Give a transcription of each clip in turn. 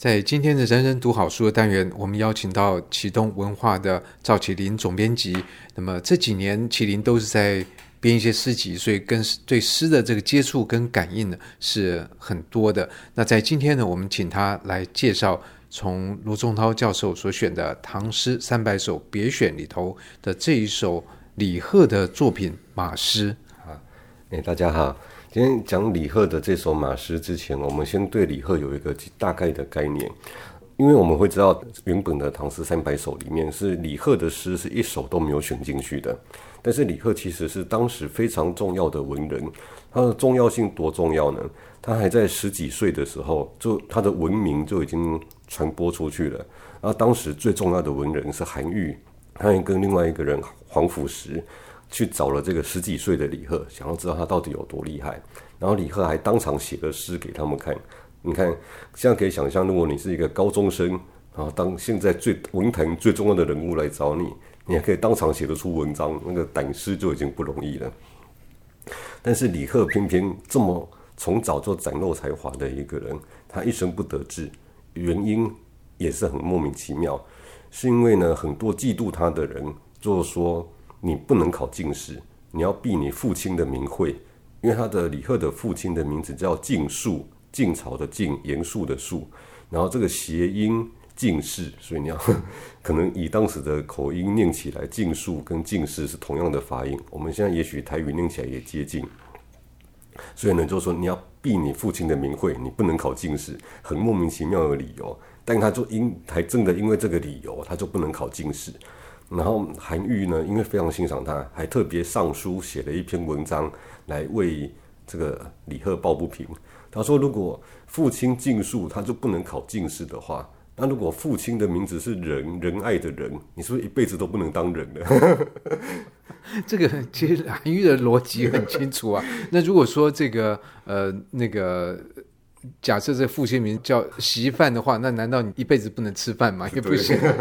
在今天的“人人讀好書”的單元，我們邀請到啟動文化的趙啟麟總編輯。那麼這幾年，啟麟都是在編一些詩集，所以跟對詩的這個接觸跟感應呢是很多的。那在今天呢，我們請他來介紹從羅宗濤教授所選的《唐詩三百首》別選裡頭的這一首李賀的作品《馬詩》啊。哎，大家好。今天講李賀的這首馬詩之前，我們先對李賀有一個大概的概念，因為我們會知道，原本的《唐詩三百首》裡面是李賀的詩是一首都沒有選進去的。但是李賀其實是當時非常重要的文人，他的重要性多重要呢？他還在十幾歲的時候，就他的文名就已經傳播出去了。而當時最重要的文人是韓愈，他還跟另外一個人皇甫湜，去找了這個十幾歲的李賀，想要知道他到底有多厲害。然後李賀還當場寫了詩給他們看。你看，現在可以想象，如果你是一個高中生，然後當現在最文壇最重要的人物來找你，你還可以當場寫得出文章，那個膽識就已經不容易了。但是李賀偏偏偏這麼從早就展露才華的一個人，他一生不得志，原因也是很莫名其妙，是因為呢，很多嫉妒他的人就說，你不能考進士，你要避你父親的名諱，因為他的李賀的父親的名字叫晉肅，晉朝的晉，嚴肅的肅，然後這個諧音進士，所以你要可能以當時的口音念起來，晉肅跟進士是同樣的發音。我們現在也許台語念起來也接近，所以呢，就說你要避你父親的名諱，你不能考進士，很莫名其妙的理由，但他就因還真的因為這個理由，他就不能考進士。然後韓愈呢，因為非常欣賞他，還特別上書寫了一篇文章來為這個李賀抱不平。他說：“如果父親晉肅，他就不能考進士的話，那如果父親的名字是仁仁愛的仁，你是不是一輩子都不能當人了？”這個其實韓愈的邏輯很清楚啊。 那如果說這個呃那個假設這父親名叫“習飯”的話，那難道你一輩子不能吃飯嗎？ 也不行啊。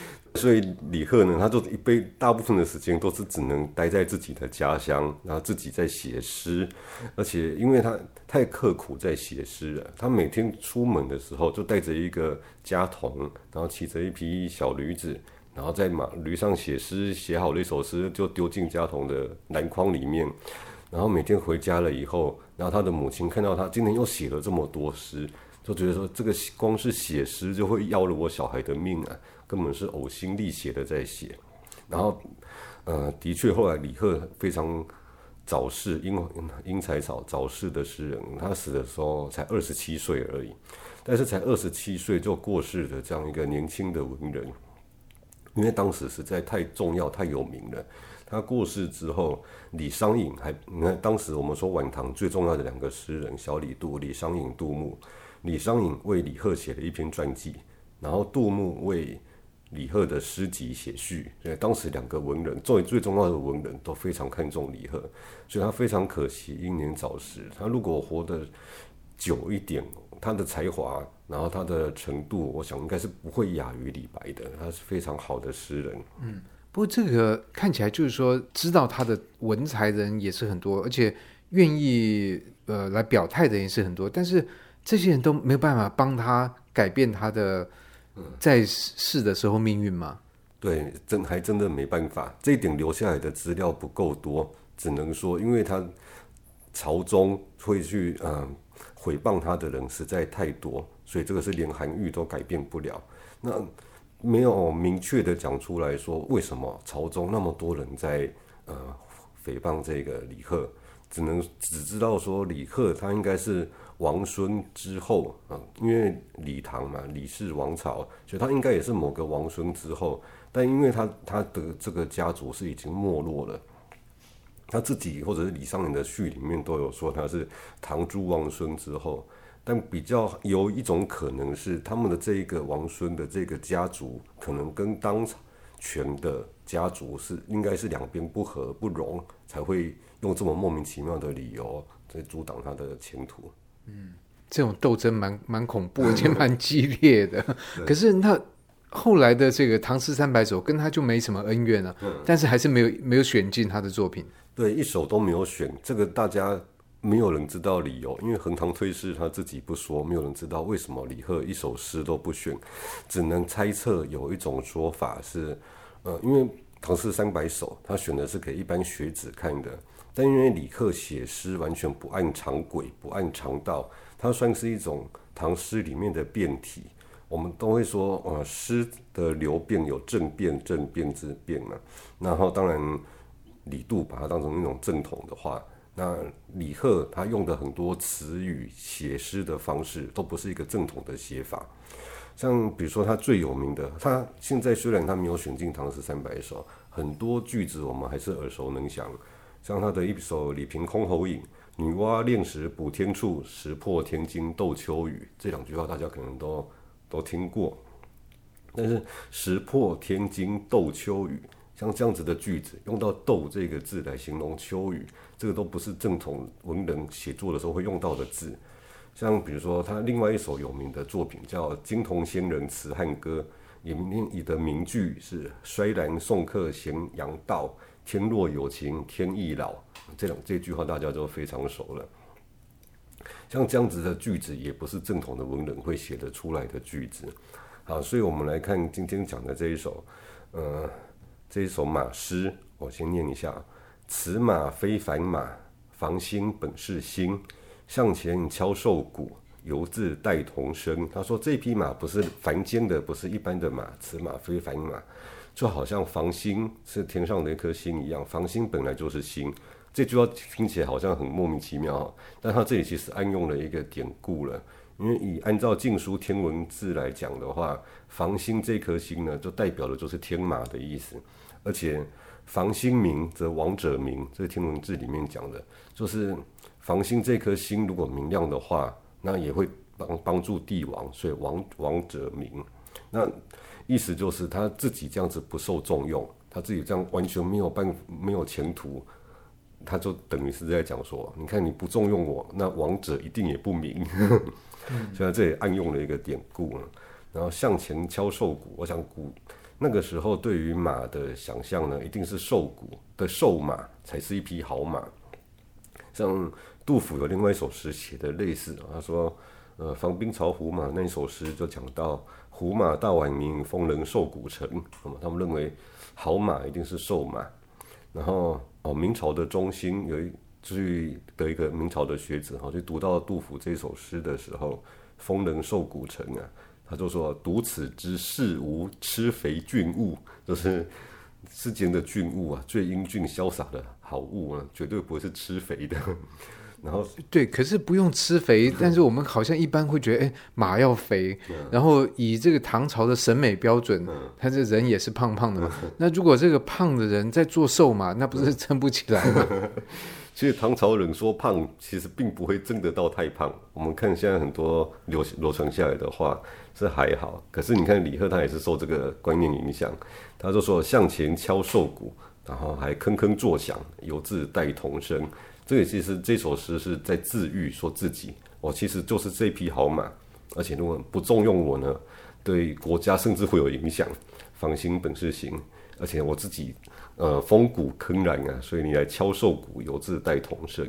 所以李賀呢，他就一輩子大部分的時間都是只能待在自己的家鄉，然後自己在寫詩，而且因為他太刻苦在寫詩了，啊，他每天出門的時候就帶着一個家童，然後騎着一匹小驢子，然後在馬驢上寫詩，寫好了一首詩就丟進家童的籃筐裡面，然後每天回家了以後，然後他的母親看到他今天又寫了這麼多詩，就覺得說這個光是寫詩就會要了我小孩的命啊。根本是嘔心瀝血的在寫，然後，呃，的確，後來李賀非常早逝，因英才早早逝的詩人，他死的時候才二十七歲而已，但是才二十七歲就過世的這樣一個年輕的文人，因為當時實在太重要、太有名了。他過世之後，李商隱還，你看當時我們說晚唐最重要的兩個詩人，小李杜，李商隱、杜牧，李商隱為李賀寫了一篇傳記，然後杜牧為。李賀的詩集寫序，對，當時兩個文人作為最重要的文人都非常看重李賀，所以他非常可惜英年早逝。他如果活得久一點，他的才華，然後他的程度，我想應該是不會亞於李白的。他是非常好的詩人。嗯，不過這個看起來就是說，知道他的文才人也是很多，而且願意呃來表態的人也是很多，但是這些人都沒有辦法幫他改變他的。在世的時候命運嗎？嗯，對，真還真的沒辦法，這一點留下來的資料不夠多，只能說，因為他朝中會去嗯誹謗他的人實在太多，所以這個是連韓愈都改變不了。那沒有明確的講出來說為什麼朝中那麼多人在嗯誹謗這個李賀，只能只知道說李賀他應該是。王孫之後啊，因為李唐嘛，李氏王朝，所以他應該也是某個王孫之後。但因為他他的這個家族是已經沒落了，他自己或者是李商隱的序裡面都有說他是唐諸王孫之後。但比較有一種可能是，他們的這一個王孫的這個家族，可能跟當權的家族是應該是兩邊不和不容，才會用這麼莫名其妙的理由在阻擋他的前途。嗯，這種鬥爭蠻蠻恐怖，而且蠻激烈的。 可是那後來的這個《唐詩三百首》跟他就沒什麼恩怨了，嗯、但是還是沒有沒有選進他的作品。對，一首都沒有選。這個大家沒有人知道理由，因為蘅塘退士他自己不說，沒有人知道為什麼李賀一首詩都不選，只能猜測有一種說法是，呃，因為《唐詩三百首》他選的是給一般學子看的。但因為李賀寫詩完全不按常軌，不按常道，他算是一種唐詩裡面的變體。我們都會說，呃，詩的流變有正變、正變之變嘛。然後，當然李杜把他當成一種正統的話，那李賀他用的很多詞語，寫詩的方式都不是一個正統的寫法。像比如說他最有名的，他現在雖然他沒有選進《唐詩三百首》，很多句子我們還是耳熟能詳。像他的一首《李憑箜篌引》，女媧煉石補天處，石破天驚逗秋雨。這兩句話大家可能都都聽過，但是石破天驚逗秋雨，像這樣子的句子，用到“逗”這個字來形容秋雨，這個都不是正統文人寫作的時候會用到的字。像比如說他另外一首有名的作品叫《金銅仙人辭漢歌》，裡面一的名句是“衰蘭送客咸陽道”。天若有情天亦老，這兩這句話大家都非常熟了。像這樣子的句子，也不是正統的文人會寫得出來的句子。好，所以我們來看今天講的這一首，呃，這一首馬詩。我先念一下：此馬非凡馬，房星本是星。向前敲瘦骨，猶自帶銅聲。他說這匹馬不是凡間的，不是一般的馬，此馬非凡馬。就好像房星是天上的一顆星一樣，房星本來就是星。這句話聽起來好像很莫名其妙，但它這裡其實暗用了一個典故了。因為以按照《晉書·天文志》來講的話，房星這顆星呢，就代表的就是天馬的意思。而且房星明則王者明，這《天文志》裡面講的就是房星這顆星如果明亮的話，那也會幫幫助帝王，所以王王者明。那意思就是他自己這樣子不受重用，他自己這樣完全沒有辦法，沒有前途，他就等於是在講說，你看你不重用我，那王者一定也不明。 所以他這裡暗用了一個典故啊。然後向前敲瘦骨，我想骨那個時候對於馬的想象呢，一定是瘦骨的瘦馬才是一匹好馬。像杜甫有另外一首詩寫的類似，他說。呃，房兵曹胡馬》那一首詩就講到“胡馬大宛名，鋒稜瘦骨成。那麼、哦、他們認為好馬一定是瘦馬。然後哦，明朝的中心有一句的一個明朝的學者哈、哦，就讀到杜甫這首詩的時候，“鋒稜瘦骨成啊，他就說：“讀此知世無吃肥俊物，就是世間的俊物啊，最英俊瀟灑的好物啊，絕對不會是吃肥的。”然後對，可是不用吃肥，但是我們好像一般會覺得， 哎，馬要肥。然後以這個唐朝的審美標準，他 這人也是胖胖的嘛。 那如果這個胖的人在做瘦馬，那不是撐不起來嗎？ 其實唐朝人說胖，其實並不會真的到太胖。我們看現在很多流流傳下來的話是還好，可是你看李賀他也是受這個觀念影響，他就說向前敲瘦骨，然後還鏗鏗作響，猶自帶銅聲。這個其實這首詩是在自喻，說自己，我其實就是這匹好馬，而且如果不重用我呢，對國家甚至會有影響。房星本是星，而且我自己，呃，風骨鏗然啊，所以你來敲瘦骨，猶自帶銅聲，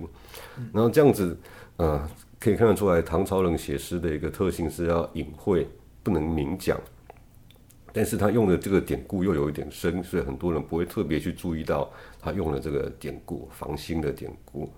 嗯。然後這樣子，呃，可以看得出來，唐朝人寫詩的一個特性是要隱晦，不能明講。但是他用的這個典故又有一點深，所以很多人不會特別去注意到他用了這個典故“房星”的典故。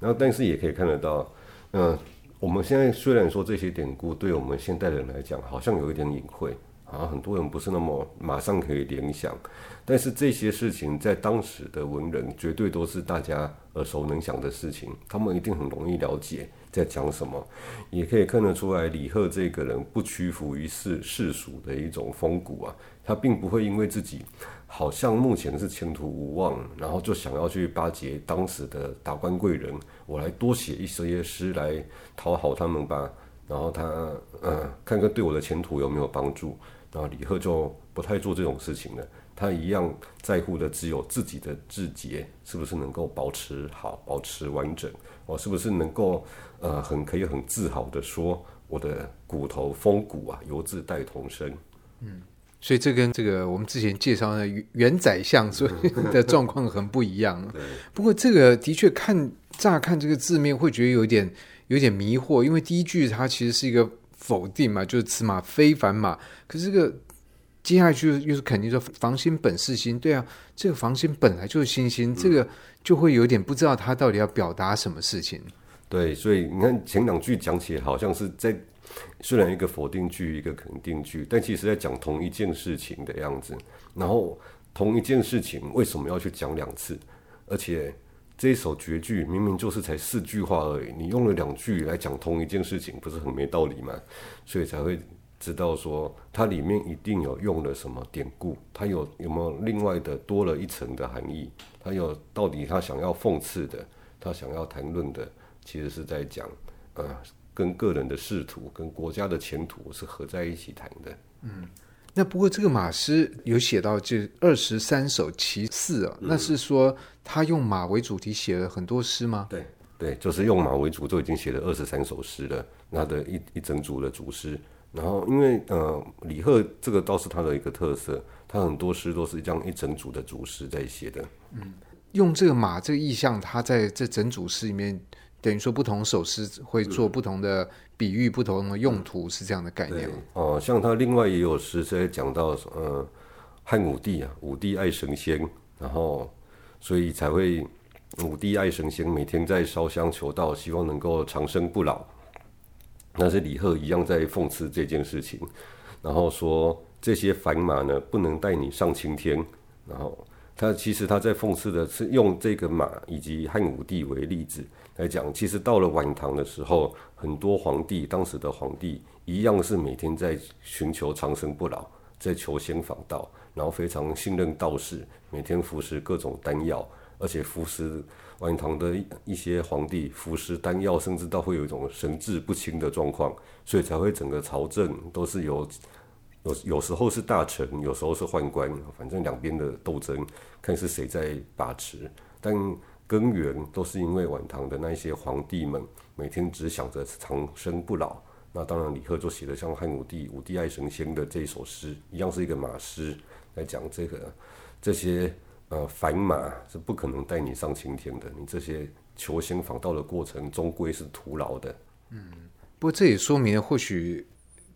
然後，但是也可以看得到，嗯、呃，我們現在雖然說這些典故對我們現代人來講好像有一點隱晦。啊，很多人不是那麼馬上可以聯想，但是這些事情在當時的文人絕對都是大家耳熟能詳的事情，他們一定很容易了解在講什麼，也可以看得出來李賀這個人不屈服於世世俗的一種風骨啊，他並不會因為自己好像目前是前途無望，然後就想要去巴結當時的達官貴人，我來多寫一些些詩來討好他們吧，然後他嗯、呃，看看對我的前途有沒有幫助。啊，李賀就不太做這種事情了。他一樣在乎的只有自己的志節，是不是能夠保持好、保持完整。我、啊、是不是能夠呃，很可以很自豪地說，我的骨頭風骨啊，猶自帶銅聲。嗯，所以這跟這個我們之前介紹的元宰相說的狀、嗯、況 很不一樣。不過這個的確看乍看這個字面會覺得有點有點迷惑，因為第一句它其實是一個。否定嘛，就是此馬非凡嘛。可是這個接下去又是肯定說，房星本是星。對啊，這個房星本來就是星、星、星、嗯、這個就會有點不知道他到底要表達什麼事情。對，所以你看前兩句講起來好像是在雖然一個否定句一個肯定句，但其實在講同一件事情的樣子。然後同一件事情為什麼要去講兩次？而且。這一首絕句明明就是才四句話而已，你用了兩句來講同一件事情，不是很沒道理嗎？所以才會知道說它裡面一定有用了什麼典故，它有有沒有另外的多了一層的含義？它有到底他想要諷刺的，他想要談論的，其實是在講呃，跟個人的仕途跟國家的前途是合在一起談的，嗯。那不過這個馬詩有寫到就二十三首其四啊，嗯，那是說他用馬為主題寫了很多詩嗎？對，對，就是用馬為主就已經寫了二十三首詩了，那的一一整組的組詩。然後因為呃，李賀這個倒是他的一個特色，他很多詩都是這樣一整組的組詩在寫的。嗯，用這個馬這個意象，他在這整組詩裡面，等於說不同首詩會做不同的，嗯。比喻，不同的用途，是這樣的概念哦、呃，像他另外也有詩在講到，呃，漢武帝啊，武帝愛神仙，然後所以才會武帝愛神仙，每天在燒香求道，希望能夠長生不老。但是李賀一樣在諷刺這件事情，然後說這些凡馬呢，不能帶你上青天。然後他其實他在諷刺的是用這個馬以及漢武帝為例子，來講，其實到了晚唐的時候，很多皇帝，當時的皇帝一樣是每天在尋求長生不老，在求仙訪道，然後非常信任道士，每天服食各種丹藥，而且服食晚唐的一些皇帝服食丹藥，甚至到會有一種神志不清的狀況，所以才會整個朝政都是有有有時候是大臣，有時候是宦官，反正兩邊的鬥爭，看是誰在把持，但。根源都是因為晚唐的那些皇帝們每天只想着長生不老，那當然李賀就寫的像漢武帝、武帝愛神仙的這一首詩一樣，是一個馬詩來講這個這些呃凡馬是不可能帶你上青天的，你這些求仙訪道的過程終歸是徒勞的。嗯，不過這也說明了，或許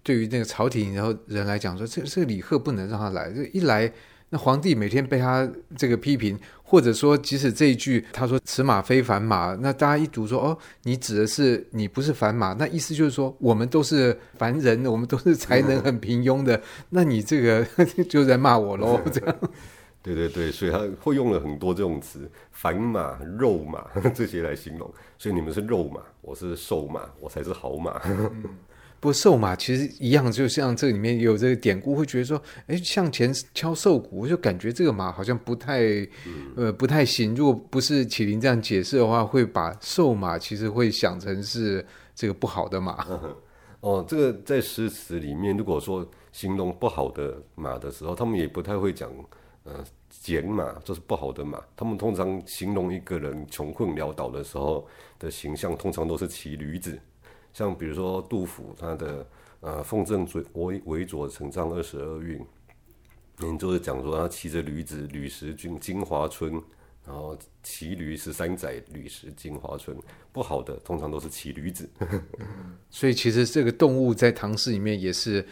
對於那個朝廷然後人來講說，這個、這個李賀不能讓他來，這一來。那皇帝每天被他這個批評，或者說，即使這一句他說此馬非凡馬，那大家一讀說哦，你指的是你不是凡馬，那意思就是說我們都是凡人，我們都是才能很平庸的，那你這個 就在罵我嘍，這樣。 對對對，所以他會用了很多這種詞，凡馬、肉馬這些來形容，所以你們是肉馬，我是瘦馬，我才是好馬。 不瘦馬其實一樣，就像這裡面有這個典故，會覺得說，哎，向前敲瘦骨，我就感覺這個馬好像不太，呃，不太行。如果不是啟麟這樣解釋的話，會把瘦馬其實會想成是這個不好的馬。嗯、哦，這個在詩詞裡面，如果說形容不好的馬的時候，他們也不太會講，呃，蹇馬，就是不好的馬。他們通常形容一個人窮困潦倒的時候的形象，通常都是騎驢子。像比如說杜甫他的呃《奉贈韋韋韋左丞丈二十二韻》，您就是講說他騎着驢子，旅食京京華春，然後騎驢十三載，旅食京華春。不好的通常都是騎驢子， 所以其實這個動物在唐詩裡面也是。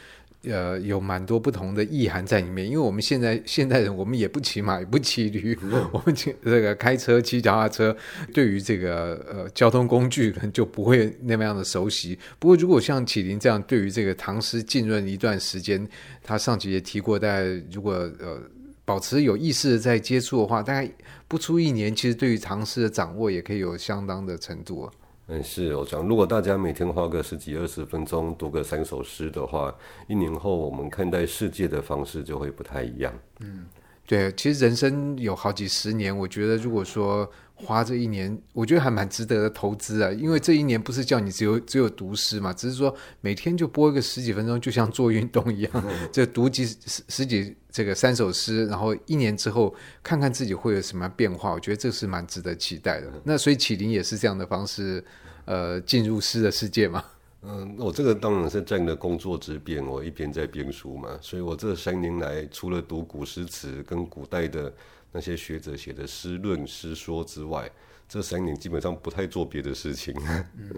呃，有蠻多不同的意涵在裡面，因為我們現在現代人，我們也不騎馬，也不騎驢，我們這個開車、騎腳踏車，對於這個呃交通工具可能就不會那麼樣的熟悉。不過，如果像啟麟這樣，對於這個唐詩浸潤一段時間，他上集也提過，大家如果呃保持有意識的在接觸的話，大概不出一年，其實對於唐詩的掌握也可以有相當的程度。嗯，是，我想，如果大家每天花個十幾二十分鐘讀個三首詩的話，一年後我們看待世界的方式就會不太一樣。嗯。對，其實人生有好幾十年，我覺得如果說花這一年，我覺得還蠻值得投資啊。因為這一年不是叫你只有只有讀詩嘛，只是說每天就播一個十幾分鐘，就像做運動一樣，就讀幾十幾這個三首詩，然後一年之後看看自己會有什麼變化，我覺得這是蠻值得期待的。那所以啟麟也是這樣的方式，呃，進入詩的世界嘛。嗯，我、哦、這個當然是在你的工作之便，我一邊在編書嘛，所以我這三年來除了讀古詩詞跟古代的那些學者寫的詩論詩說之外，這三年基本上不太做別的事情。嗯，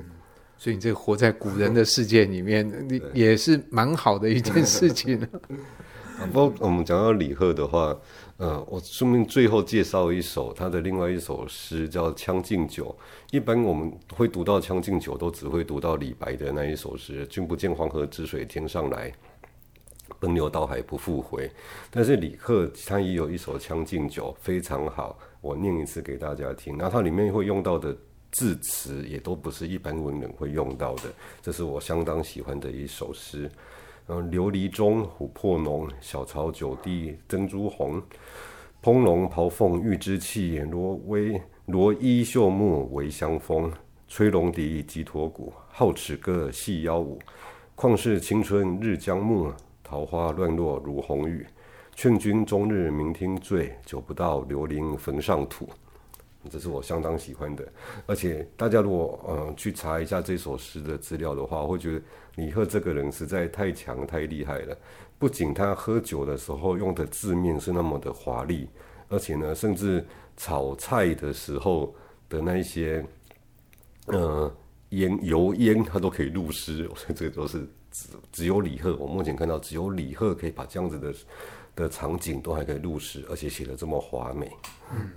所以你這活在古人的世界裡面，你、啊、也是蠻好的一件事情、啊。 啊、不過我們講到李賀的話，呃，我順便最後介紹一首他的另外一首詩，叫《將進酒》。一般我們會讀到《將進酒》，都只會讀到李白的那一首詩：“君不見黃河之水天上來，奔流到海不復回。”但是李賀他也有一首《將進酒》，非常好，我念一次給大家聽。然後它裡面會用到的字詞，也都不是一般文人會用到的。這是我相當喜歡的一首詩。嗯，琉璃鍾，琥珀濃，小槽酒滴珍珠紅。烹龍炮鳳玉脂泣，羅帷羅衣繡幕圍香風。吹龍笛，擊鼉鼓，皓齒歌，細腰舞。曠世青春日將暮，桃花亂落如紅雨。勸君終日酩酊醉，酒不到劉伶墳上土。這是我相當喜歡的，而且大家如果嗯、呃、去查一下這首詩的資料的話，我會覺得李賀這個人實在太強太厲害了。不僅他喝酒的時候用的字面是那麼的華麗，而且呢，甚至炒菜的時候的那一些嗯、呃、煙油煙，他都可以入詩。所以這個都是只只有李賀，我目前看到只有李賀可以把這樣子的的場景都還可以入詩，而且寫得這麼華美。嗯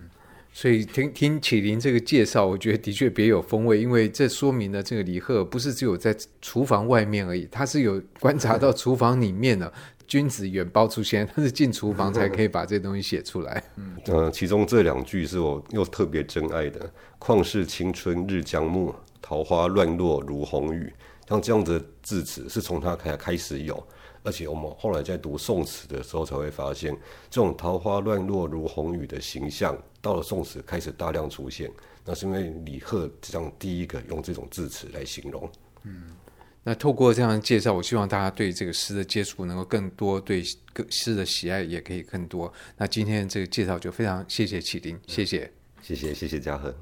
所以聽聽啟麟這個介紹，我覺得的確別有風味，因為這說明了這個李賀不是只有在廚房外面而已，他是有觀察到廚房裡面的“君子遠庖廚先。他 是進廚房才可以把這東西寫出來。嗯，嗯其中這兩句是我又特別珍愛的，：“況是青春日將暮，桃花亂落如紅雨。”像這樣的字詞是從他開開始有。而且我們後來在讀宋詞的時候，才會發現這種“桃花亂落如紅雨”的形象，到了宋詞開始大量出現。那是因為李賀這樣第一個用這種字詞來形容。嗯，那透過這樣的介紹，我希望大家對這個詩的接觸能夠更多，對各詩的喜愛也可以更多。那今天這個介紹就非常謝謝啟麟，嗯，謝謝，謝謝，謝謝嘉禾。